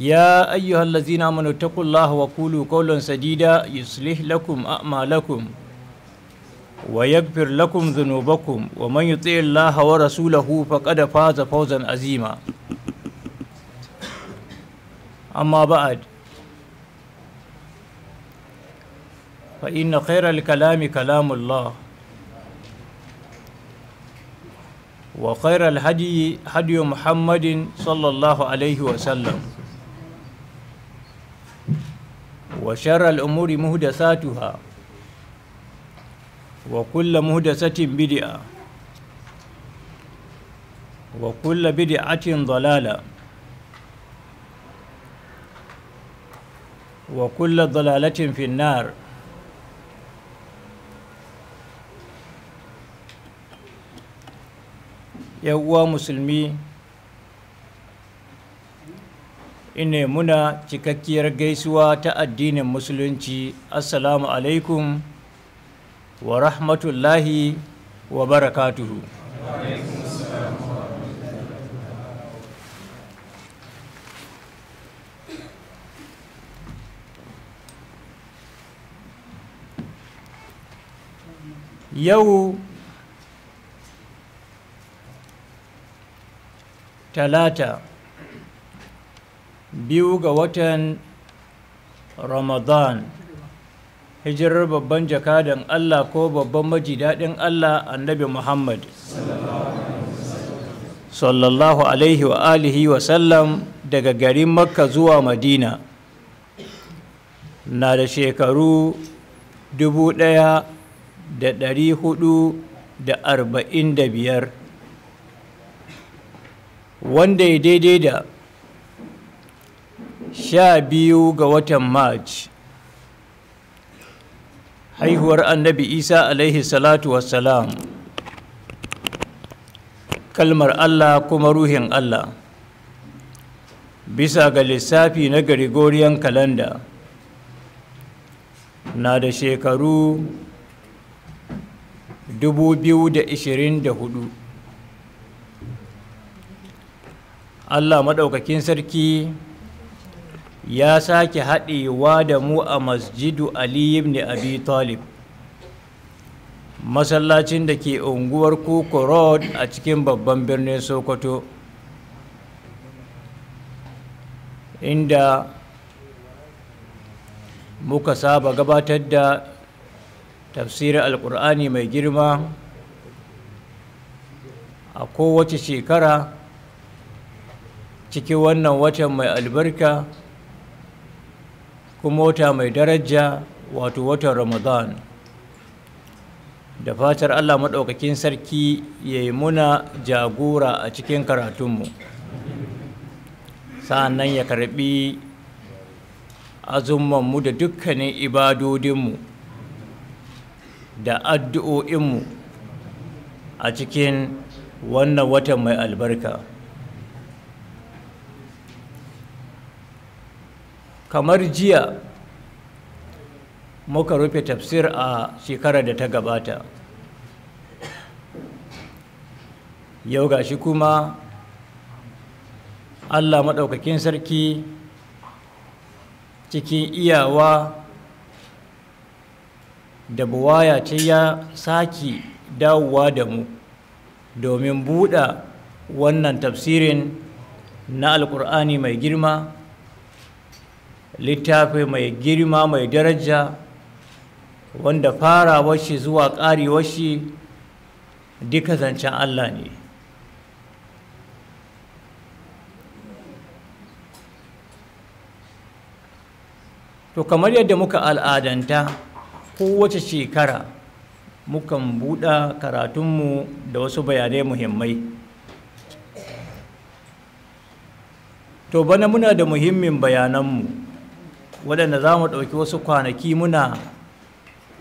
يا أيها الذين آمنوا اتقوا الله وقولوا قولا سديدا يصلح لكم أعمالكم ويغفر لكم ذنوبكم ومن يطع الله ورسوله فقد فاز فوزا عظيما أما بعد فإن خير الكلام كلام الله وخير الهدي هدي محمد صلى الله عليه وسلم وشر الأمور مهدساتها وكل مهدسة بدعة وكل بدعة ضلالة وكل ضلالة في النار يا مسلمين ine muna cikakkiyar gaisuwa ta addinin musulunci assalamu alaikum wa rahmatullahi wa barakatuhu yau talata biyu ga watan ramadan hijirar babban jakadan allah ko babban majidadin allah annabi muhammad sallallahu alaihi wa alihi wa sallam daga garin makka zuwa madina na da shekaru dubu ɗaya da ɗari hudu da arba'in da biyar wanda ya daidai da sha biyu ga watan maj haihuwar annabi isa alaihi salatu wassalam kalmar allah kuma ruhin allah bisa ga lissafi na gregorian kalanda. na da shekaru 2024 allah maɗaukakin sarki ya sake haɗewa da mu a masjidu ali ibn abi talib masallacin da ke unguwar Koko road a cikin babban birnin sokoto inda muka saba gabatar da tafsirin alkur'ani mai girma a kowace shekara cikin wannan watan mai albarka kuma wata mai daraja wato watan ramadan da fatar allah maɗaukakin sarki ya yi muna jagora a cikin karatunmu sa'annan ya karbi azumanmu da dukkanin ibadodinmu da addu'o'inmu a cikin wannan watan mai albarka kamar jiya muka rufe tafsir a shekarar da ta gabata yau shi kuma allah maɗaukakin sarki cikin iyawa da buwaya ce ya saki dawowa da mu domin buɗa wannan tafsirin na Alƙur'ani mai girma littafi mai girma mai daraja wanda fara washi zuwa ƙari shi duka zancen Allah ne to kamar yadda muka al'adanta kowace shekara mukan buɗa karatunmu da wasu bayanai muhimmai to bana muna da muhimmin bayananmu waɗanda za mu ɗauki wasu kwanaki muna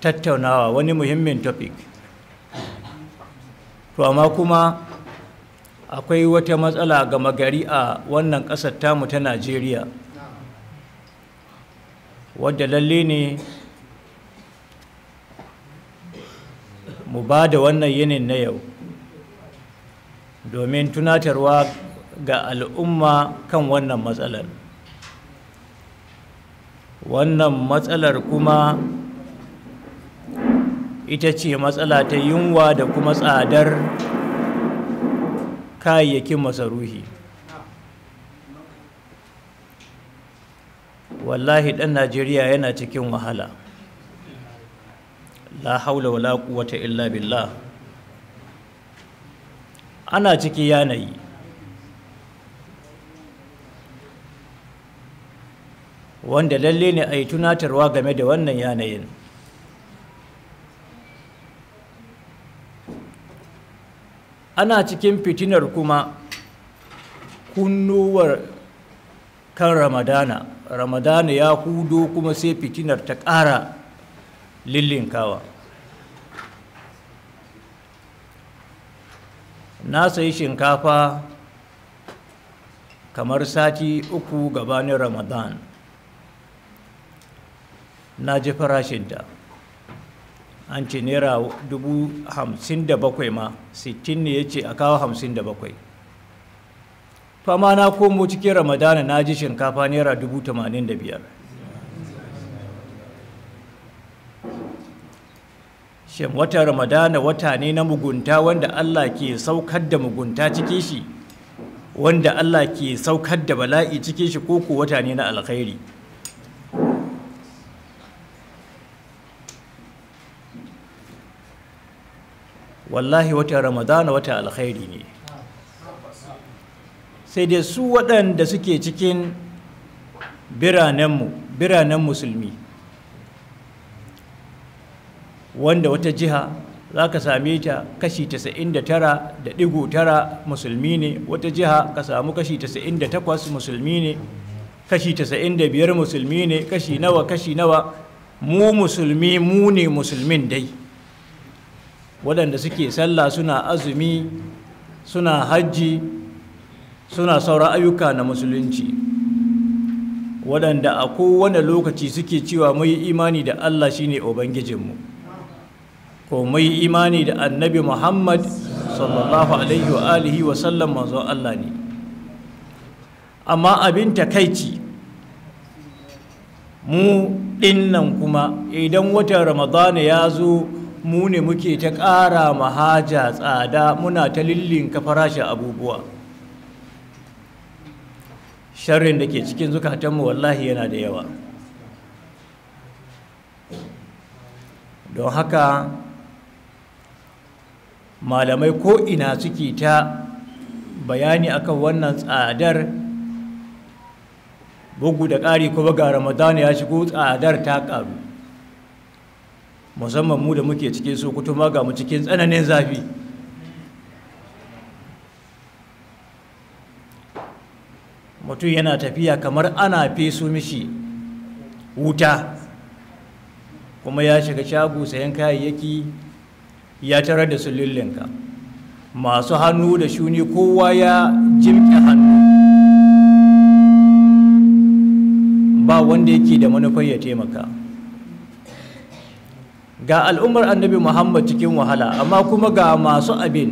tattaunawa wani muhimmin topic to amma kuma akwai wata matsala gama gari a wannan ƙasar tamu ta najeriya wadda lalle ne mu ba da wannan yinin na yau domin tunatarwa ga al'umma kan wannan matsalar wannan matsalar kuma ita ce matsala ta yunwa da kuma tsadar kayayyakin masaruhi wallahi ɗan najeriya yana cikin wahala la haula wala quwwata illa billah ana ciki yanayi wanda lalle ne a yi tunatarwa game da wannan yanayin ana cikin fitinar kuma kunnuwar kan ramadana ramadana ya hudo kuma sai fitinar ta ƙara kawa. na sayi shinkafa kamar sati uku gabanin Ramadana. na ji farashinta an ce naira dubu hamsin da bakwai ma sittin ne ya ce a kawo hamsin da bakwai fama na komo cikin ramadana na ji shinkafa naira dubu tamanin da biyar shin wata ramadana wata ne na mugunta wanda allah ke saukar da mugunta cikin shi wanda allah ke saukar da bala'i cikin shi koko wata ne na alkhairi wallahi wata ramadana wata alkhairi ne sai dai su waɗanda suke cikin biranenmu biranen musulmi wanda wata jiha za ka same ta kashi 99.9 musulmi ne wata jiha ka samu kashi 98 musulmi ne kashi 95 musulmi ne kashi nawa kashi nawa mu musulmi mu ne musulmin dai waɗanda suke sallah suna azumi suna hajji suna sauran ayyuka na musulunci waɗanda a kowane lokaci suke cewa mai imani da Allah shine ubangijinmu ko mai imani da annabi Muhammad sallallahu alaihi wa wa sallam manzon Allah ne amma abin takaici mu dinnan kuma idan watan ramadana ya zo mu ne muke ta ƙara mahaja tsada muna ta lillinka farashin abubuwa sharrin da ke cikin zukatanmu wallahi yana da yawa don haka malamai ko ina suke ta bayani akan wannan tsadar bugu da ƙari kuma ga Ramadana ya shigo tsadar ta ƙaru musamman mu da muke cikin sokoto ma ga mu cikin tsananin zafi mutum yana tafiya kamar ana feso mishi wuta kuma ya shiga shago sayan kayayyaki ya tarar da sulullinka masu hannu da shuni kowa ya jimke hannu ba wanda yake da manufar ya taimaka ga al'ummar annabi muhammad cikin wahala amma kuma ga masu abin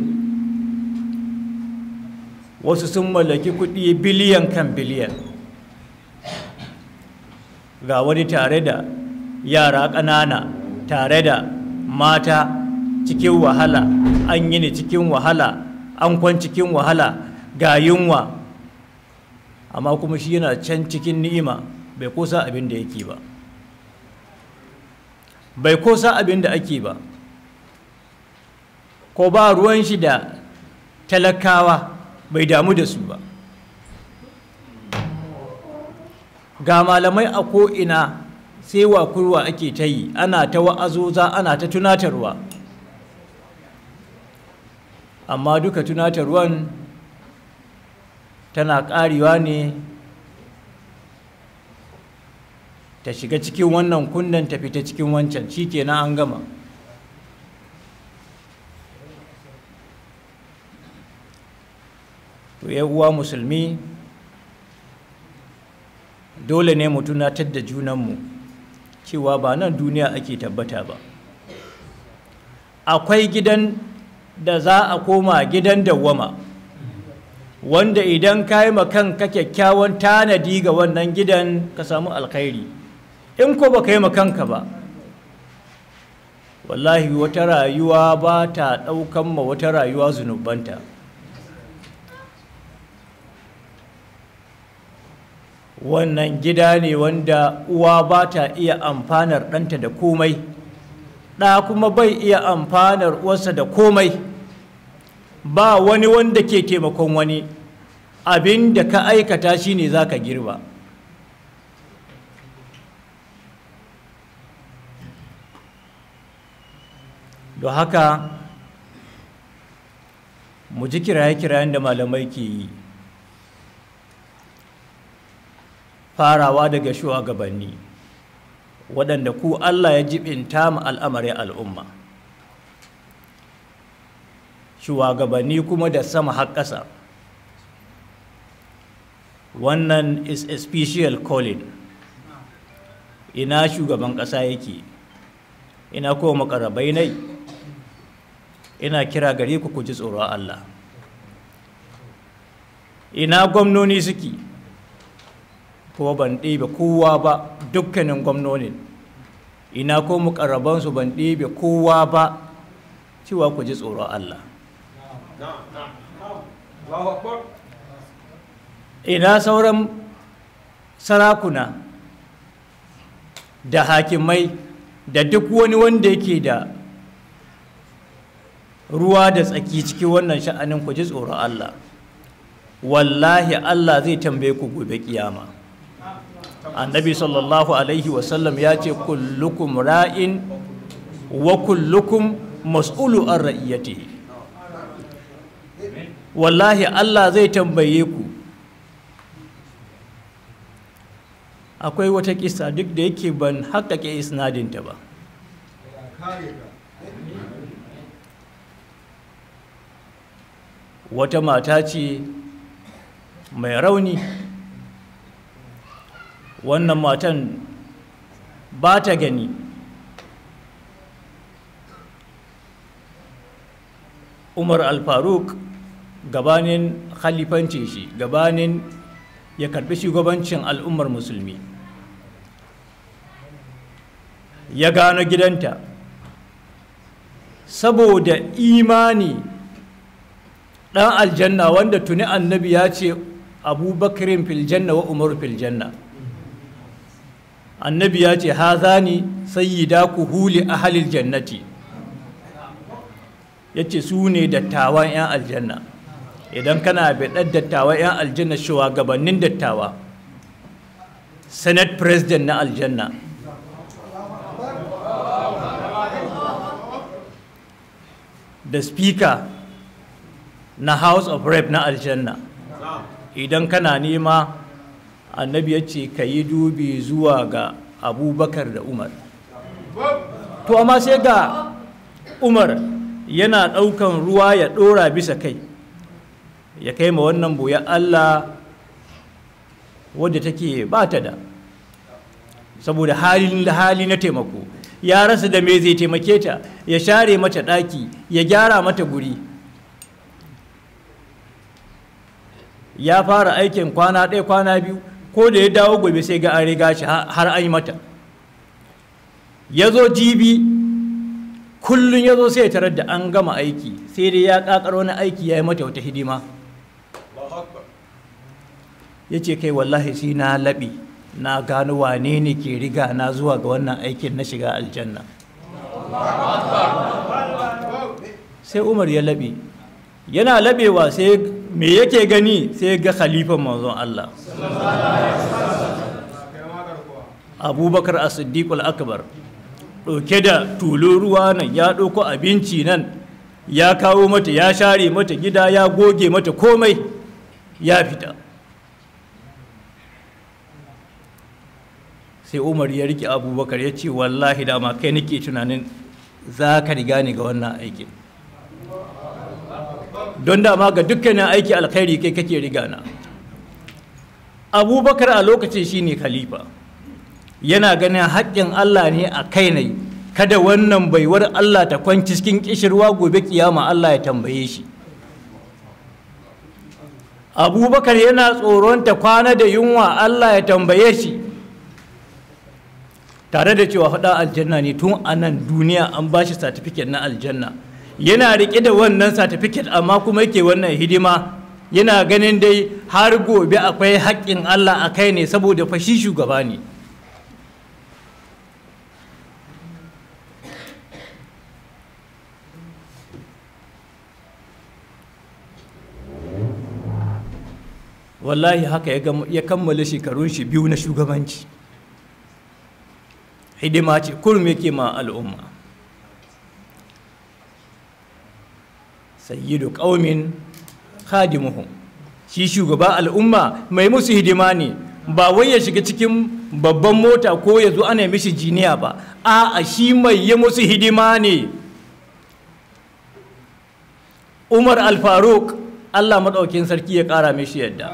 wasu sun mallaki kuɗi biliyan kan biliyan ga wani tare da yara ƙanana tare da mata cikin wahala an yi ne cikin wahala an kwan cikin wahala ga yunwa amma kuma shi yana can cikin ni'ima bai kusa abin da yake ba bai kosa abin da ake ba ko ba ruwan shi da talakawa bai damu da su ba ga malamai a ko'ina sai wa kurwa ake ta yi ana ta wa'azoza ana ta tunatarwa amma duka tunatarwan tana karewa ne ta shiga cikin wannan kundan ta fita cikin wancan shi na an gama to uwa musulmi dole ne mu tunatar da junanmu cewa ba nan duniya ake tabbata ba akwai gidan da za a koma gidan dawwama wanda idan ka yi kanka kyakkyawan tanadi ga wannan gidan ka samu alkhairi in ko baka yi kanka ba wallahi wata rayuwa ba ta ɗaukan ma wata rayuwa zunubanta wannan gida ne wanda uwa ba ta iya amfanar ɗanta da komai ɗa kuma bai iya amfanar uwarsa da komai ba wani wanda ke taimakon wani abin da ka aikata shine za ka girba don haka mu ji kiraye-kirayen da malamai ke yi farawa daga shugabanni waɗanda ku Allah ya jibinta mu al'amarin al'umma shugabanni kuma da sama har ƙasa wannan is a special calling ina shugaban ƙasa yake ina kuma makarabai nai ina kira gare ku ku ji tsoron Allah ina gwamnoni suke ko ban ɗebe kowa ba dukkanin gwamnonin ina ko mukarrabansu ban ɗebe kowa ba cewa ku ji tsoron Allah ina sauran sarakuna da hakimai da duk wani wanda yake da ruwa da tsaki ciki wannan sha'anin ku ji tsoron Allah wallahi Allah zai tambaye ku gobe kiyama annabi sallallahu alaihi wasallam ya ce kullukum ra'in wa kullukum mas'ulu an ra'iyatihi wallahi Allah zai tambaye ku akwai wata kisa duk da yake ban haƙaƙe isnadinta ba wata mata ce mai rauni wannan matan ba ta gani umar alfaruk gabanin khalifance shi gabanin ya karbi shugabancin al'ummar musulmi ya gano gidanta saboda imani ɗan aljanna wanda tuni annabi ya ce abubakarin filjanna wa umaru filjanna annabi ya ce haza sayyida ku huli a halil jannati ya ce su ne dattawan 'yan aljanna idan kana beɗar dattawan 'yan aljanna shugabannin dattawa senate president na aljanna da speaker na house of rape na aljanna idan kana nema annabi ya ce ka yi dubi zuwa ga abubakar da umar to amma sai ga umar yana ɗaukan ruwa ya ɗora bisa kai ya kai ma wannan boya allah wadda take ba ta da saboda hali na taimako ya rasa da me zai taimake ta ya share mata ɗaki ya gyara mata guri ya fara aikin kwana ɗaya kwana biyu ko da ya dawo gobe sai ga an riga shi har an yi mata ya zo jibi kullum ya zo sai ya tarar da an gama aiki sai dai ya ƙaƙar wani aiki ya yi mata wata hidima ya ce kai wallahi shi na laɓi na gano wane ne ke riga na zuwa ga wannan aikin na shiga aljanna sai umar ya laɓe yana laɓewa sai me yake gani sai ga khalifan manzon Allah abubakar a siddiqul akbar ɗauke da tulun nan ya ɗauko abinci nan ya kawo mata ya share mata gida ya goge mata komai ya fita sai umar ya rike abubakar ya ce wallahi dama kai nake tunanin za ka riga ni ga wannan aikin don dama ga dukkanin aiki alkhairi kai kake na. abubakar a lokacin shine khalifa yana ganin haƙƙin allah ne a kai ne kada wannan baiwar allah ta kwanci cikin ƙishirwa gobe kiyama allah ya tambaye shi abubakar yana tsoron ta kwana da yunwa allah ya tambaye shi tare da cewa faɗa aljanna ne tun a nan duniya an ba shi satifiket na aljanna yana riƙe da wannan certificate amma kuma yake wannan hidima yana ganin dai har gobe akwai haƙƙin Allah a kai ne saboda fashi shugaba ne wallahi haka ya kammala shekarun shi biyu na shugabanci hidima ce kurum yake ma al'umma sayyidu qaumin khadimuhum shi shugaba al'umma mai musu hidima ne ba wai ya shiga cikin babban mota ko ya zo ana mishi jiniya ba a shi mai ya musu hidima ne umar al faruk allah maɗaukin sarki ya ƙara mishi yadda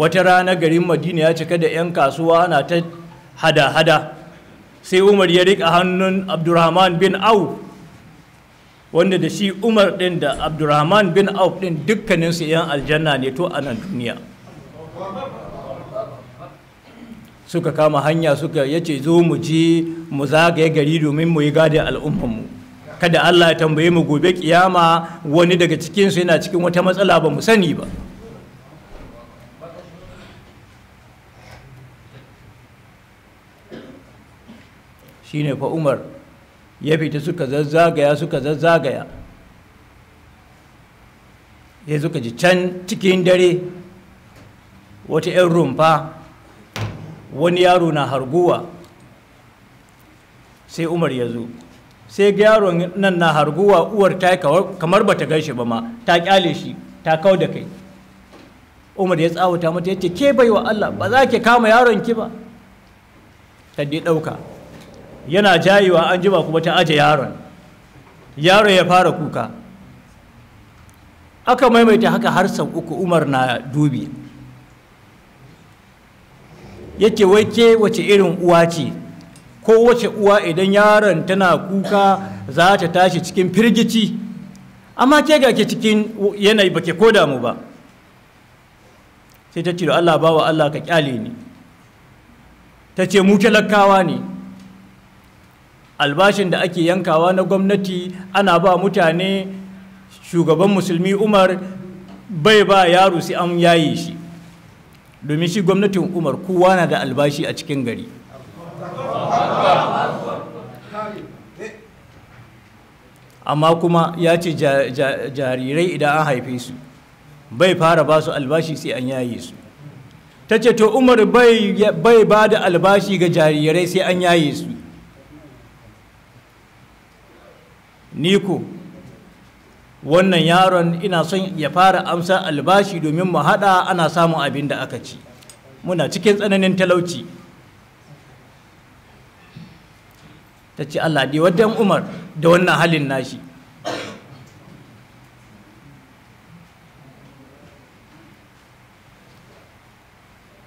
wata rana garin madina ya cika da 'yan kasuwa na ta hada-hada sai umar ya rika hannun abdurrahman bin au wanda da shi umar din da Abdulrahman bin auf din dukkaninsu 'yan aljanna ne to a nan duniya suka kama hanya suka yace zo mu je mu zagaye gari domin mu yi gadi al'ummanmu kada allah ya tambaye mu gobe kiyama wani daga cikinsu yana cikin wata matsala ba mu sani ba ne fa umar ya fita suka zazzagaya suka zazzagaya ya suka ji can cikin dare wata 'yan rumfa wani yaro na harguwa sai umar ya zo sai ga yaron nan na harguwa uwar ta kamar ba gan shi ba ma ta kyale shi ta kau da kai umar ya tsawata mata ya ce ke bai wa allah ba za ki kama yaron ki ba ta ɗauka yana jayewa an jima kuma ta aje yaron yaron ya fara kuka aka maimaita haka har sau uku umar na dubi yake wake wace irin uwa ce ko wace uwa idan yaron tana kuka za ta tashi cikin firgici amma ke ga ke cikin yanayi ba ke koda mu ba sai ta ce da allah bawa allah ka kyale ni ta ce mu talakawa ne albashin da ake yankawa na gwamnati ana ba mutane shugaban musulmi umar bai ba yaro sai an yaye shi domin shi gwamnatin umar kowa na da albashi a cikin gari amma kuma ya ce jarirai idan an haife su bai fara ba su albashi sai an yaye su ta ce to umar bai ba da albashi ga jarirai sai an yaye su Niko wannan yaron ina son ya fara amsa albashi domin mu haɗa ana samun abin da aka ci muna cikin tsananin talauci ta ce allah da wadan umar da wannan halin nashi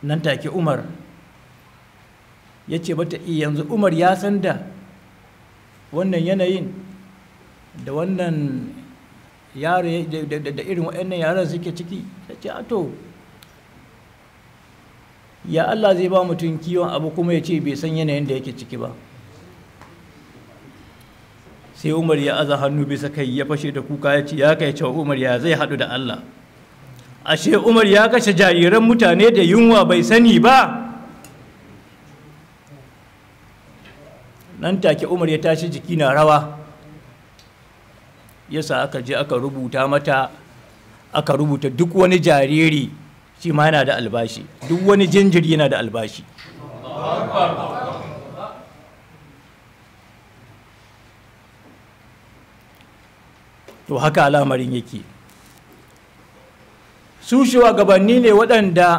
nan take umar ya ce iya eh, yanzu umar ya san da wannan yanayin da wannan yaro da irin waɗannan yaran suke ciki ta ce ato ya Allah zai ba mutum kiwon abu kuma ya ce bai san yanayin da yake ciki ba sai umar ya aza hannu bisa kai ya fashe da kuka ya ce ya kai cewa umar ya zai haɗu da Allah ashe umar ya kashe jariran mutane da yunwa bai sani ba nan take umar ya tashi jiki na rawa yasa aka je aka rubuta mata aka rubuta duk wani jariri shi ma yana da albashi duk wani jinjiri yana da albashi to haka al'amarin yake su shugabanni ne waɗanda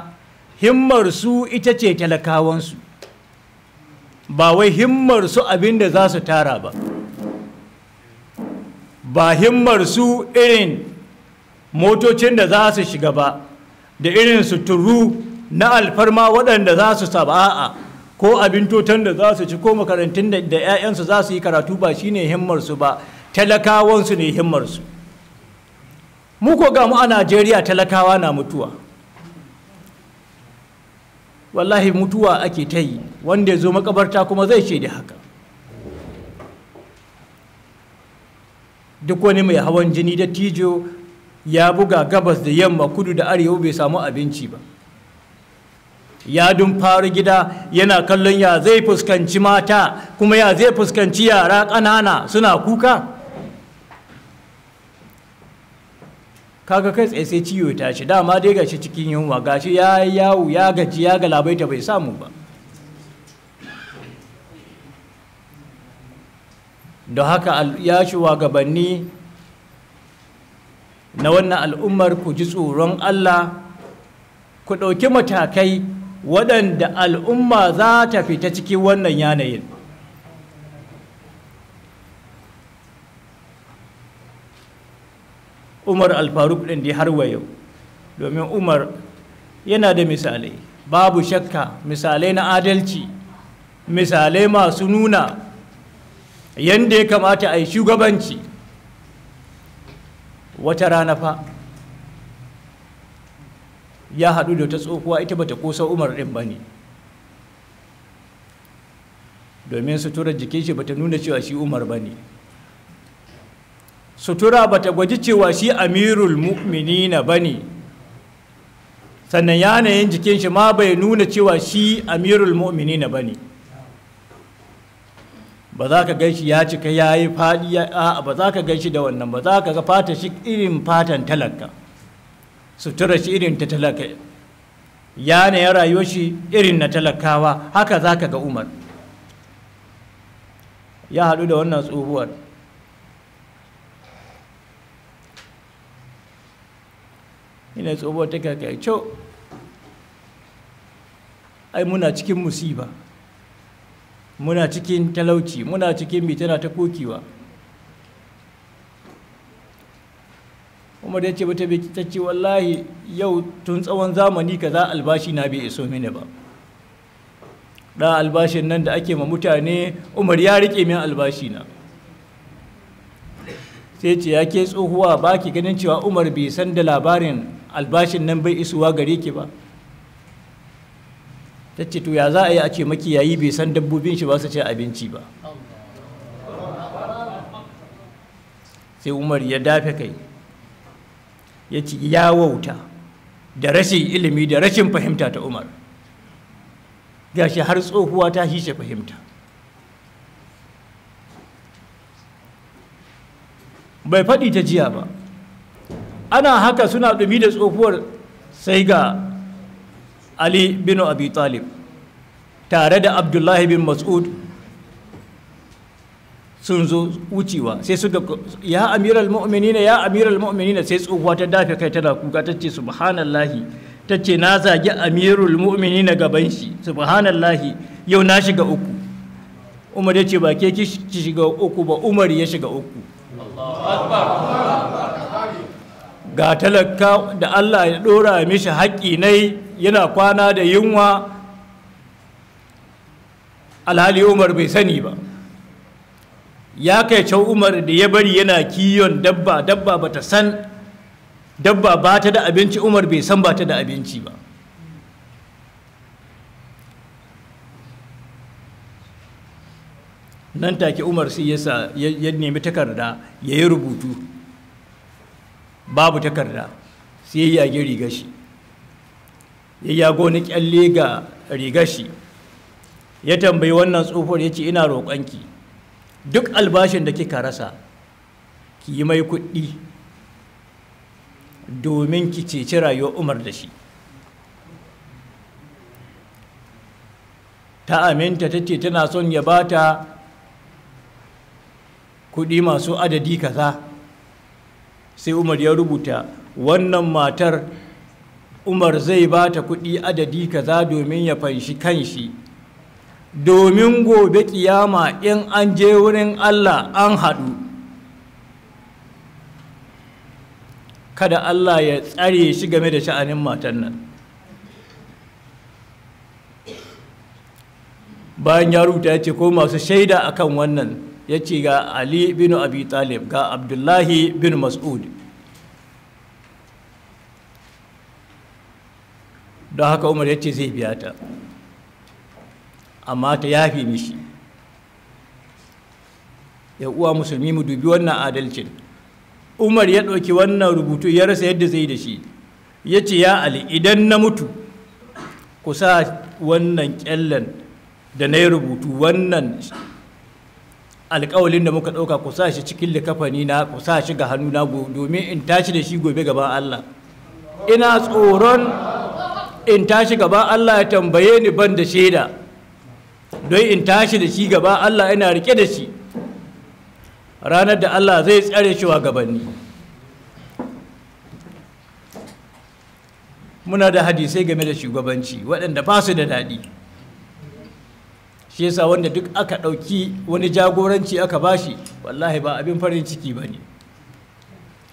himmar su ita ce talakawansu ba wai su abin da za su tara ba ba himmar su irin motocin da za su shiga ba da irin suturu na alfarma waɗanda za su saba'a ko abin totan da za su ci ko makarantun da 'ya'yansu za su yi karatu ba shi shine himmarsu ba talakawansu ne himmar su. mu ko gamu a najeriya talakawa na mutuwa wallahi mutuwa ake ta yi wanda ya zo makabarta kuma zai shaidi haka duk wani mai hawan jini da tijo ya buga gabas da yamma kudu da arewa bai samu abinci ba ya fara gida yana kallon ya zai fuskanci mata kuma ya zai fuskanci yara ƙanana suna kuka kaga kai tsaye sai ciwo ya tashi dama dai gashi cikin yunwa gashi ya yawo ya gaji ya galabaita bai samu ba da haka ya gabanni na wannan al'ummar ku ji tsoron Allah ku ɗauki matakai waɗanda al'umma za ta fita cikin wannan yanayin umar alfaruk ɗin da har yau domin umar yana da misalai babu shakka misalai na adalci misalai masu nuna Yanda ya kamata a yi shugabanci wata rana fa ya haɗu da ta tsohuwa ita bata kosa umar ɗin ba ne domin suturar jikin shi bata nuna cewa shi umar ba ne sutura bata gwaji cewa shi amirul mu'minina ba ne sannan yanayin jikin shi ma bai nuna cewa shi amirul mu'minina ba ne ba za ka gaishi ya cika ya yi faɗi a ba za ka gaishi da wannan ba za ka ga fata shi irin fatan talaka sutura shi irin ta talaka ya ne ya rayuwa shi irin na talakawa haka za ka ga umar ya haɗu da wannan tsohuwar ina tsohuwar ta kai ai muna cikin musiba muna cikin talauci muna cikin mai tana ta kokewa umar ya ce bata bai ta ce wallahi yau tun tsawon zamani ka za albashi na bai iso mini ba da albashin nan da ake ma mutane umar ya rike min albashi na sai ce ya ke tsohuwa ba ki ganin cewa umar bai san da labarin albashin nan bai isuwa gare ki ba ta ce to ya za a yi a ce makiyayi bai san dabbobin shi ba su ci abinci ba sai umar ya dafe kai ya ci ya wauta da rashin ilimi da rashin fahimta ta umar gashi har tsohuwa ta hishe fahimta bai faɗi ta jiya ba ana haka suna ɗumi da tsohuwar sai ga ali bin abi talib tare da abdullahi bin mas'ud sun zo wucewa sai suka ya amiral mu'minina ya amiral mu'minina sai tsohuwa ta dafe kai tana kuka ta ce subhanallahi ta ce na zagi amirul mu'minina gaban shi subhanallahi yau na shiga uku umar ya ce ba ke ki shiga uku ba umar ya shiga uku ga talaka da allah ya dora mishi haƙƙi nai yana kwana da yunwa alhali umar bai sani ba ya kai can umar da ya bari yana kiyon dabba dabba bata san dabba ba ta da abinci umar bai san ba ta da abinci ba nan take umar sai ya nemi takarda ya yi rubutu babu takarda sai ya yage riga shi ya yago ni kyalle ga rigar shi ya tambayi wannan tsofar ya ce ina roƙonki duk albashin da kika rasa ki yi mai kuɗi domin ki ceci rayuwar umar da shi ta aminta ta ce tana son ya ba ta kuɗi masu adadi kaza sai umar ya rubuta wannan matar umar zai ba ta kuɗi adadi kaza domin ya fanshi kanshi domin gobe kiyama in an je wurin allah an haɗu kada allah ya tsare shi game da sha'anin matan nan bayan ya rubuta ya ce ko masu shaida akan wannan ya ce ga ali bin abi talib ga abdullahi bin mas'ud don haka umar ya ce zai biya ta amma ta yafi mishi ya uwa musulmi mu dubi wannan adalcin umar ya ɗauki wannan rubutu ya rasa yadda zai da shi ya ce ya ali idan na mutu ku sa wannan ƙyallen da na yi rubutu wannan alkawalin da muka ɗauka ku sa shi cikin likafani na ku sa shi ga hannu na domin in tashi da shi gobe gaban allah ina tsoron in tashi gaba Allah ya tambaye ni ban da shaida don in tashi da shi gaba Allah yana rike da shi ranar da Allah zai tsare shi wa gabanni muna da hadisai game da shugabanci waɗanda ba su da daɗi shi yasa wanda duk aka ɗauki wani jagoranci aka bashi wallahi ba abin farin ciki ba ne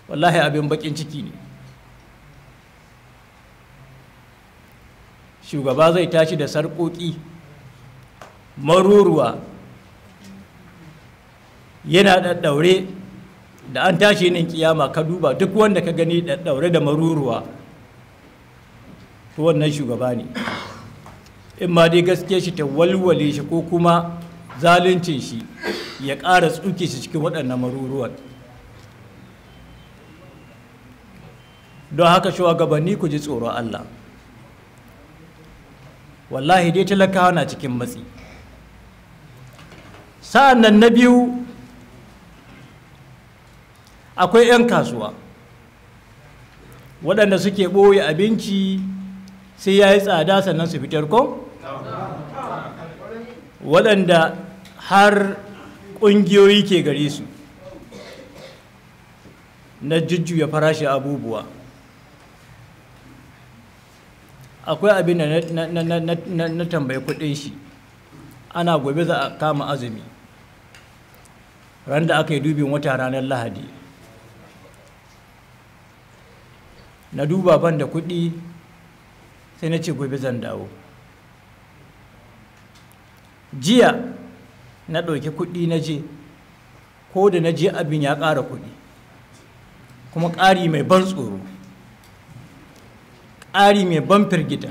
wallahi abin baƙin ciki ne shugaba zai tashi da sarƙoƙi maruruwa yana ɗaɗɗaure da an tashi nin kiyama ka duba duk wanda ka gani ɗaɗɗaure da maruruwa to wannan shugaba ne in ma dai gaske shi ta walwale shi ko kuma zaluncin shi ya ƙara tsuke shi cikin waɗannan maruruwan don haka shugabanni ku ji tsoron Allah wallahi dai talakawa na cikin matsi sa'an nan na biyu akwai 'yan kasuwa waɗanda suke ɓoye abinci sai ya yi tsada sannan su fitar ko? waɗanda har ƙungiyoyi ke gare su na jujjuya farashi abubuwa akwai abin da na tambayi kudin shi ana gobe za a kama azumi ran da aka yi dubin wata ranar lahadi na duba ban da kudi sai na ce gobe zan dawo jiya na ɗauki kudi na je ko da na je abin ya ƙara kudi kuma ƙari mai ban tsoro tsari mai ban firgita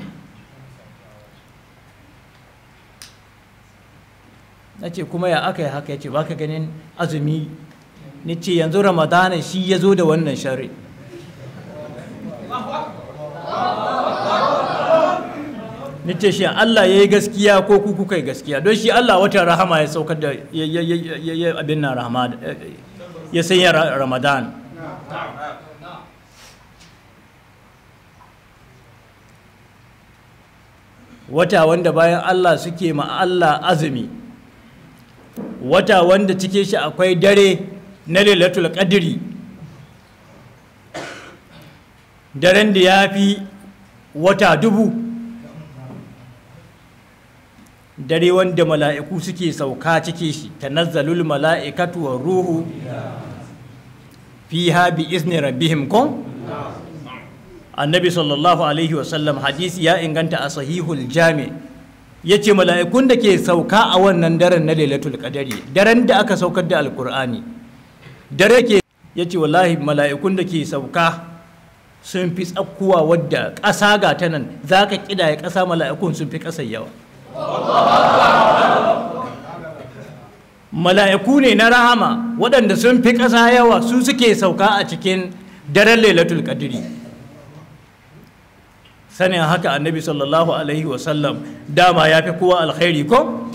na ce kuma ya aka yi haka ya ce ba ka ganin azumi ni ce yanzu ramadana shi ya zo da wannan shari ni ce shi Allah ya yi gaskiya ko kuka yi gaskiya don shi Allah wata rahama ya saukar da abin na rahama ya sanya ramadan wata wanda bayan Allah suke ma Allah azumi wata wanda cike shi akwai dare na lilatul qadri daren da ya fi wata dubu dare wanda mala'iku suke sauka cike shi ta nazzalul mala'ikatu wa ruhu fi ha bi izni rabbihim kun annabi sallallahu alaihi wasallam hadisi ya inganta a sahihul jami ya ce mala'ikun da ke sauka a wannan daren na lailatul qadari daren da aka saukar da alkur'ani dare ke ya ce wallahi mala'ikun da ke sauka sun fi tsakkuwa wadda ƙasa ga ta nan za ka ƙidaya ƙasa mala'ikun sun fi ƙasa yawa mala'iku ne na rahama waɗanda sun fi ƙasa yawa su suke sauka a cikin daren lailatul qadri sanin haka annabi sallallahu alaihi wasallam dama ya fi kowa alkhairi ko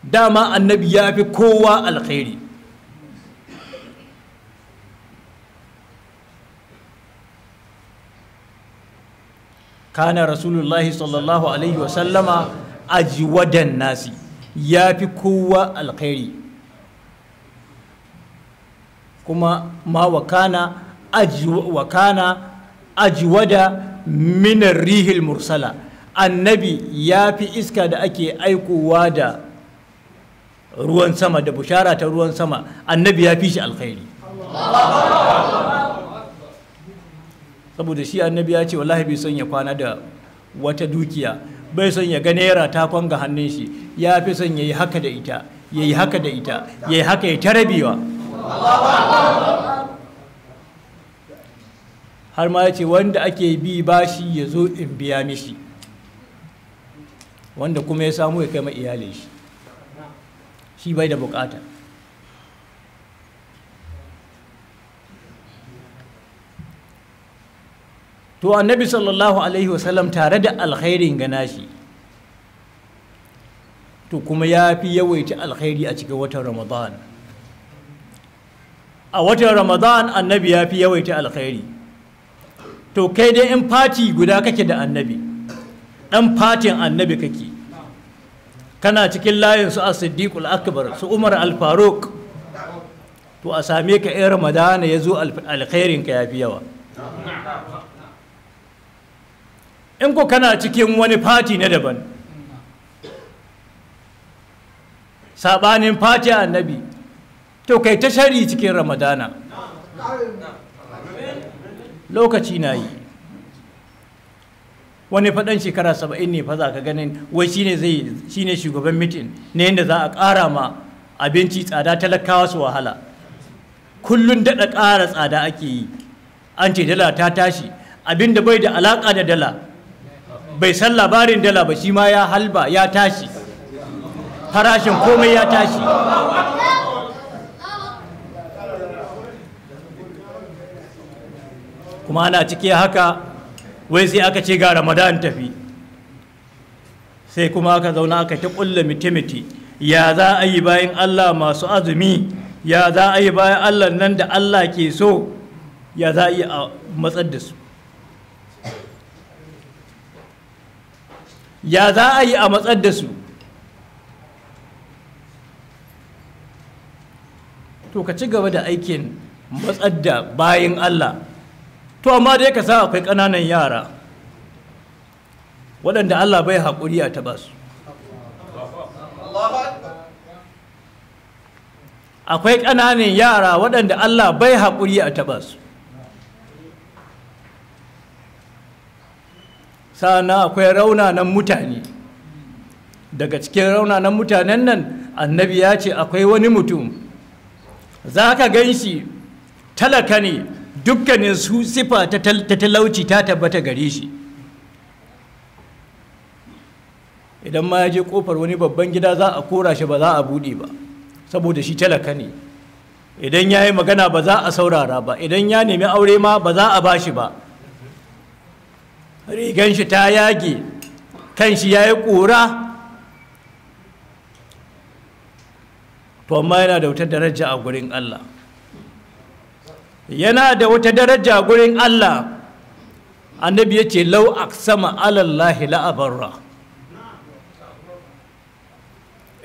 dama annabi ya fi kowa alkhairi kana rasulullahi sallallahu alaihi wasallama ajiwadan nasi ya fi kowa alkhairi kuma ma wakana aji wakana ajiwada minar rihil mursala annabi ya fi iska da ake aikowa da ruwan sama da bushara ta ruwan sama annabi ya fi shi alkhairi saboda shi annabi ya ce wallahi bai son ya kwana da wata dukiya bai son ya ga naira ta kwanga hannun shi ya fi son ya yi haka da ita ya yi haka da ita ya yi haka ya tarabewa har ma yace wanda ake bi bashi ya zo in biya mishi wanda kuma ya samu ya kai ma iyalin shi shi bai da bukata to annabi sallallahu alaihi wasallam tare da alkhairin gana shi to kuma ya fi yawaita alkhairi a cikin watan ramadana. a watan ramadan annabi ya fi yawaita alkhairi to kai dai in fati guda kake da annabi dan fatin annabi kake kana cikin layin su asiddiqul akbar su umar al-faruq to a same ka in ramadana ya zo alkhairin ya fi yawa in ko kana cikin wani fati na daban sabanin fati annabi to kai ta shari cikin ramadana lokaci na yi wani faɗan shekara saba'in ne fa za ka ganin wai ne zai ne shugaban mitin na yadda za a ƙara ma abinci tsada talakawa su wahala kullum daɗa ƙara tsada ake yi an ce dala ta tashi abin da bai da alaƙa da dala bai san labarin dala ba shi ma ya halba ya tashi farashin komai ya tashi kuma ana ciki haka wai sai aka ce ga ramadan tafi sai kuma aka zauna aka ta kulla mitimiti ya za a yi bayan allah masu azumi ya za a yi bayan allah nan da allah ke so ya za a yi a matsar da su ya za a yi a matsar da su to ka ci gaba da aikin matsar da bayan allah to amma dai ka sa akwai ƙananan yara waɗanda allah bai haƙuri a taɓa su akwai ƙananan yara waɗanda allah bai haƙuri a taɓa su sana akwai raunanan mutane daga cikin raunanan mutanen nan annabi ya ce akwai wani mutum za ka gan shi talaka ne dukkanin su sifa ta talauci ta tabbata gare shi idan ma ya je kofar wani babban gida za a kora shi ba za a buɗe ba saboda shi talaka ne idan ya yi magana ba za a saurara ba idan ya nemi aure ma ba za a ba shi ba rigan shi ta yage kan shi ya yi ƙora. to amma yana da wutar daraja a gurin allah yana da wata daraja gurin Allah annabi ya ce lau sama alallahi la'abarra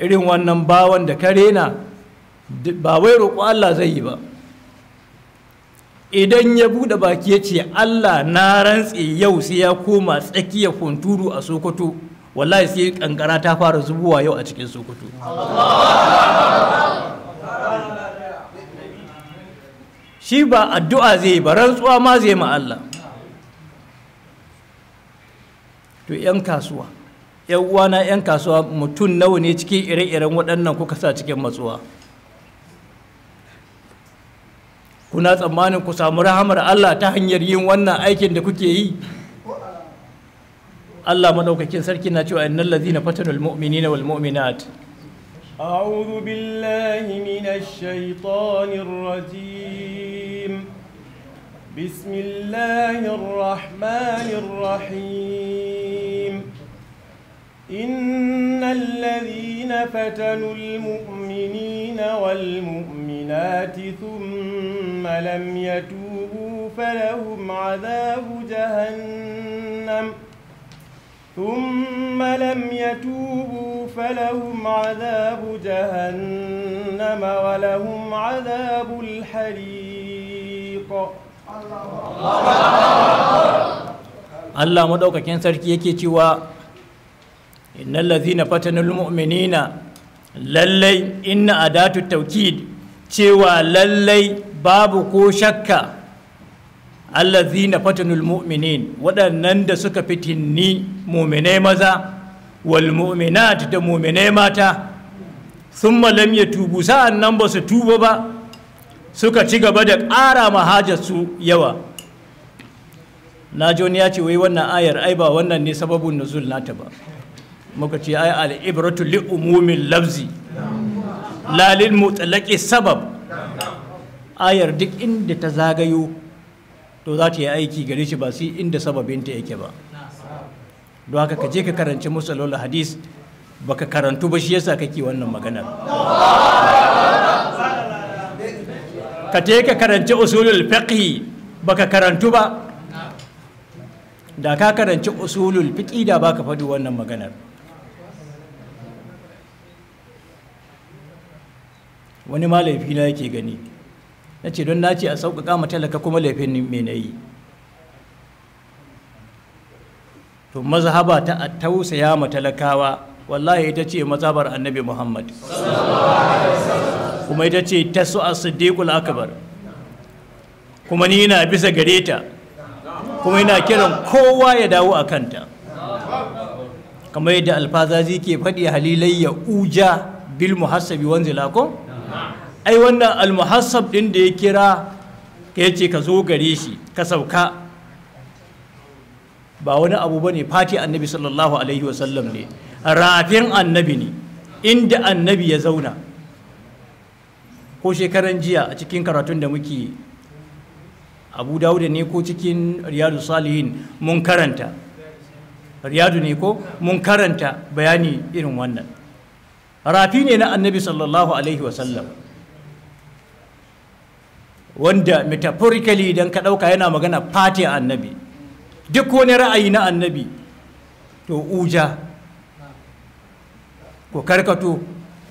irin wannan bawan da kare na ba wai roƙo Allah zai yi ba idan ya buɗe baki ya ce Allah na rantse yau sai ya koma tsakiyar kunturu a sokoto wallahi sai kankara ta fara zubuwa yau a cikin sokoto shi ba addu'a zai yi ba rantsuwa ma zai ma Allah to 'yan kasuwa 'yan uwana 'yan kasuwa mutum nawa ne cikin ire-iren waɗannan kuka sa cikin matsuwa kuna tsammanin ku samu rahamar Allah ta hanyar yin wannan aikin da kuke yi Allah madaukakin sarki na cewa innal ladhina fatanul mu'minina wal mu'minat a'udhu billahi minash shaitanir rajim بسم الله الرحمن الرحيم إن الذين فتنوا المؤمنين والمؤمنات ثم لم يتوبوا فلهم عذاب جهنم ثم لم يتوبوا فلهم عذاب جهنم ولهم عذاب الحريق Allah maɗaukakin sarki yake cewa innal na fatanul mu'minina lallai inna adatu tawkid cewa lallai babu ko shakka na fatanul mu'minin waɗannan da suka fitinni mu'minai maza wal mu'minat da mu'minai mata thumma lam yatubu sa'an nan ba su tuba ba suka ci gaba da ƙara mahajarsu yawa na joni ya ce wai wannan ayar ai ba wannan ne sababin nuzul nata ba muka ce ai al'ibratu li umumin lafzi lalil mutalaki sabab ayar duk inda ta zagayo to za ta yi aiki gare shi ba su inda sababinta yake ba don haka ka je ka karanci musulun hadis baka karantu ba shi yasa kake wannan maganar ka te ka karanci usulul fiqh baka karantu ba da ka karanci usulul fiqh da baka faɗi wannan maganar wani ma laifina yake gani na ce don na ce a sauƙaƙa matalaka kuma laifin mai na yi to mazhaba ta a tausaya talakawa. wallahi ita ce mazhabar annabi muhammad kuma ita ce ta su a siddiƙul akabar kuma ni na bisa gare ta kuma yana kiran kowa ya dawo a kanta kamar yadda alfazazi ke faɗi halilai ya uja bil muhassabi wanzu ko ai wannan almuhassab ɗin da ya kira ka yace ka zo gare shi ka sauka ba wani abu bane fati annabi sallallahu alaihi wasallam ne rafin annabi ne inda annabi ya zauna ko shekaran jiya a cikin karatun da muke abu dauda ne ko cikin riyadu salihin mun karanta riyadu ne ko mun karanta bayani irin wannan rafi ne na annabi sallallahu alaihi wasallam wanda metaphorically idan ka ɗauka yana magana fati annabi duk wani ra'ayi na annabi to uja ko karkato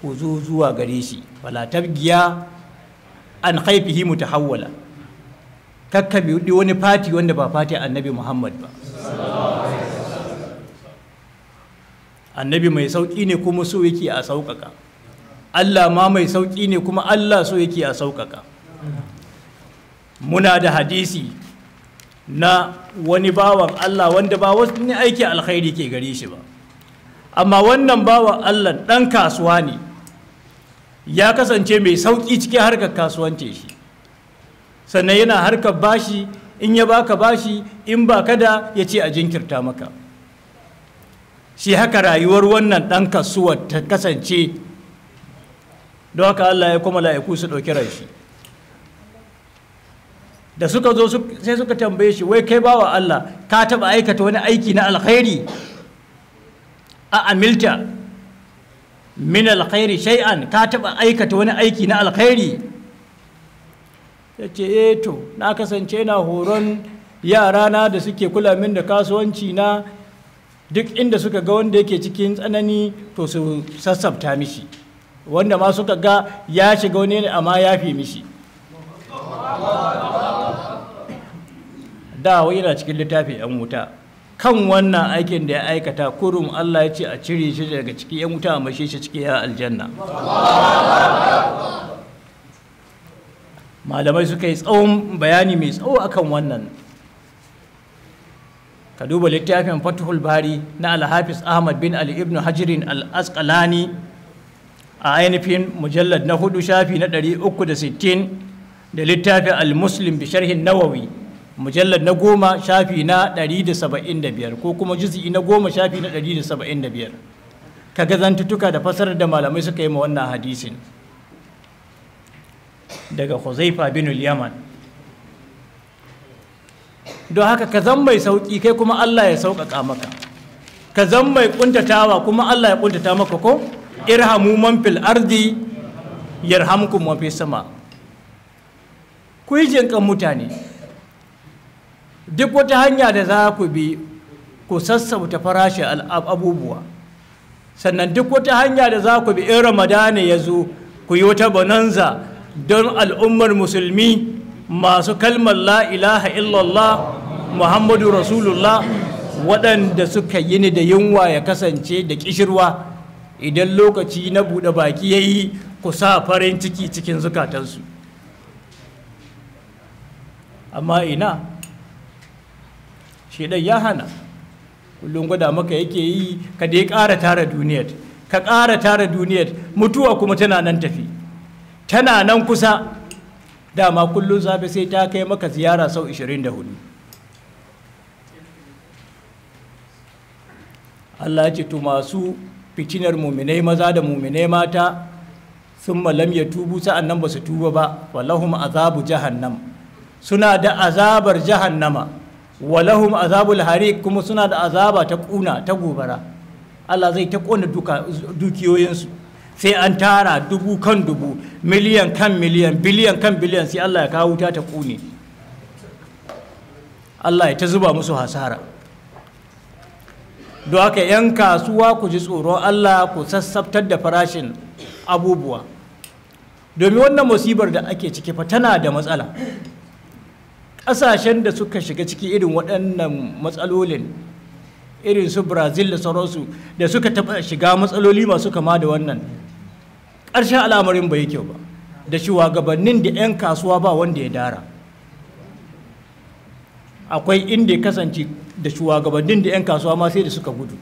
ko zo zuwa gare shi wala tabgiya an haifihi mutahawwala kakka bi wani fati wanda ba fati annabi muhammad ba annabi mai sauƙi ne kuma so yake a sauƙaƙa allah ma mai sauki ne kuma allah so yake a sauƙaƙa muna da hadisi na wani bawan allah wanda ba wasu ne aiki alkhairi ke gare shi ba amma wannan bawan allah ɗan kasuwa ne ya kasance mai sauƙi cikin harkar kasuwanci shi sannan yana harkar bashi in ya baka bashi in ba kada ya ce a jinkirta maka shi haka rayuwar wannan ɗan kasuwar ta kasance don haka allah ya kuma la'iku su ɗauki shi da suka zo sai suka tambaye shi wai kai bawa allah ka taɓa aikata wani aiki na alkhairi a amilta min alkhairi shay'an ka taba aikata wani aiki na alkhairi yace eh to na kasance na horon yara na da suke kula min da kasuwanci na duk inda suka ga wanda yake cikin tsanani to su sassafta mishi wanda ma suka ga ya shiga wani ne amma ya fi mishi da wai yana cikin littafi 'yan wuta kan wannan aikin da ya aikata kurum Allah ya ce a cire shi daga ciki ya mutu a mashi shi ciki ya aljanna malamai suka yi tsawon bayani mai tsawo akan wannan ka duba littafin fatihul bari na alhafiz ahmad bin ali ibn hajirin al-asqalani a ainihin mujallar na hudu shafi na 360 da littafin al-muslim bi sharhin nawawi mujallar na goma shafi na 175 ko kuma juzi'i na goma shafi na 175 kaga zantuttuka da fasar da malamai suka yi ma wannan hadisin daga huzaifa bin yaman don haka ka zan mai sauƙi kai kuma allah ya sauƙaƙa maka ka zan mai ƙuntatawa kuma allah ya ƙuntata maka ko irhamu man fil ardi yarhamkum man sama ku yi jinkan mutane duk wata hanya da za ku bi ku sassauta farashin abubuwa sannan duk wata hanya da za ku bi in ramadana ya zo ku yi wata bananza don al'ummar musulmi masu kalmar la ilaha illallah muhammadu rasulullah waɗanda suka yi ni da yunwa ya kasance da ƙishirwa idan lokaci na buɗe baki ya yi ku sa farin ciki cikin zukatansu amma ina shaidan ya hana kullum gwada maka yake yi ka dai ƙara tara duniyar ka ƙara tara duniyar mutuwa kuma tana nan tafi tana nan kusa dama kullum safe sai ta kai maka ziyara sau 24 Allah ce to masu fitinar muminai maza da muminai mata sun malam ya tubu sa'an nan ba su tuba ba wallahu azabu jahannam suna da azabar jahannama walahum azabul harik kuma suna da azaba ta kuna ta gobara Allah zai ta kona dukiyoyinsu sai an tara dubu kan dubu miliyan kan miliyan biliyan kan biliyan sai Allah ya kawo wuta ta kune Allah ya ta zuba musu hasara don haka 'yan kasuwa ku ji tsoron Allah ku sassabtar da farashin abubuwa domin wannan musibar da ake ciki fa tana da matsala kasashen da suka shiga ciki irin waɗannan matsalolin irin su brazil da sauransu da suka taɓa shiga matsaloli masu kama da wannan ƙarshen al'amarin bai kyau ba da shugabannin da 'yan kasuwa ba wanda ya dara akwai inda ya kasance da shugabannin da 'yan kasuwa ma sai da suka gudu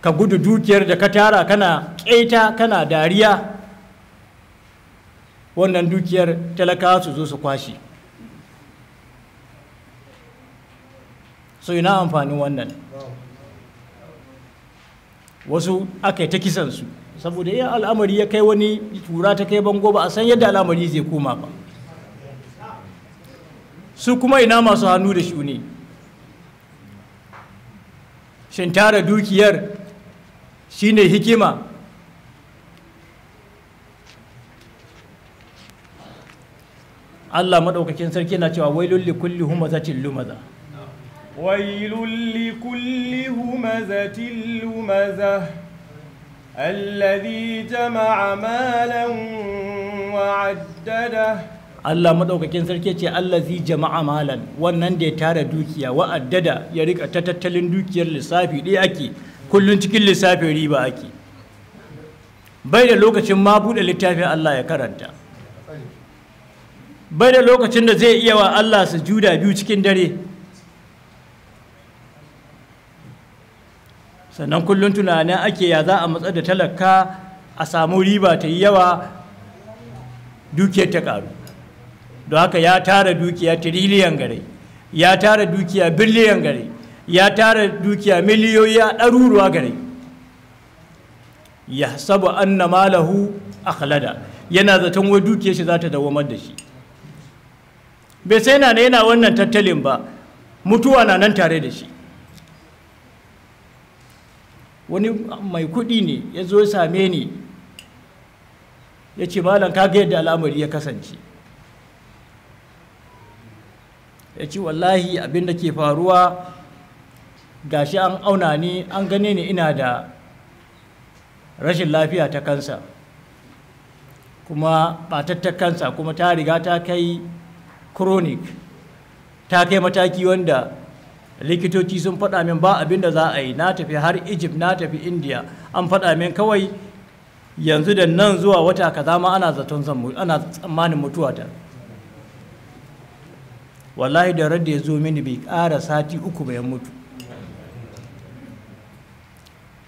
ka gudu dukiyar da ka tara kana ƙeta kana dariya wannan dukiyar talakawa su zo su kwashi so ina amfani wannan wasu aka yi ta kisansu saboda yin al'amari ya kai wani tura ta kai bango ba a san yadda al'amari zai koma ba su kuma ina masu hannu da shuni shin tara dukiyar shine hikima Allah maɗaukakin sarki na cewa wai lulli kulli humazatin lumaza Wai lulli kulli humazatin lumaza alladhi jama'a malan wa addada Allah maɗaukakin sarki ce allazi jama'a malan wannan da ya tara dukiya wa addada ya rika ta tattalin dukiyar lissafi ɗaya ake kullum cikin lissafin riba ake bai da lokacin ma buɗe littafin Allah ya karanta bai da lokacin da zai iya wa Allah su juda biyu cikin dare sannan kullum tunanin ake ya za a matsa da talaka a samu riba ta yi yawa dukiyar ta karu don haka ya tara dukiya tiriliyan gare ya tara dukiya biliyan gare ya tara dukiya miliyoyi a ɗaruruwa gare ya sabu an na malahu akhlada yana zaton wai dukiyar shi za ta dawamar da shi bai sai na yana wannan tattalin ba mutuwa na nan tare da shi wani mai kuɗi ne ya zo same ni ya ce malam ka ga yadda al'amari ya kasance ya ce wallahi abin da ke faruwa gashi an auna ni an gane ni ina da rashin lafiya ta kansa kuma ta kansa kuma ta riga ta kai chronic ta kai mataki wanda likitoci sun faɗa min ba abin da za a yi na tafi har egypt na tafi india an faɗa min kawai yanzu da nan zuwa wata kaza ma ana zaton ana tsammanin mutuwa ta wallahi da radda ya zo mini bai kara sati uku bayan mutu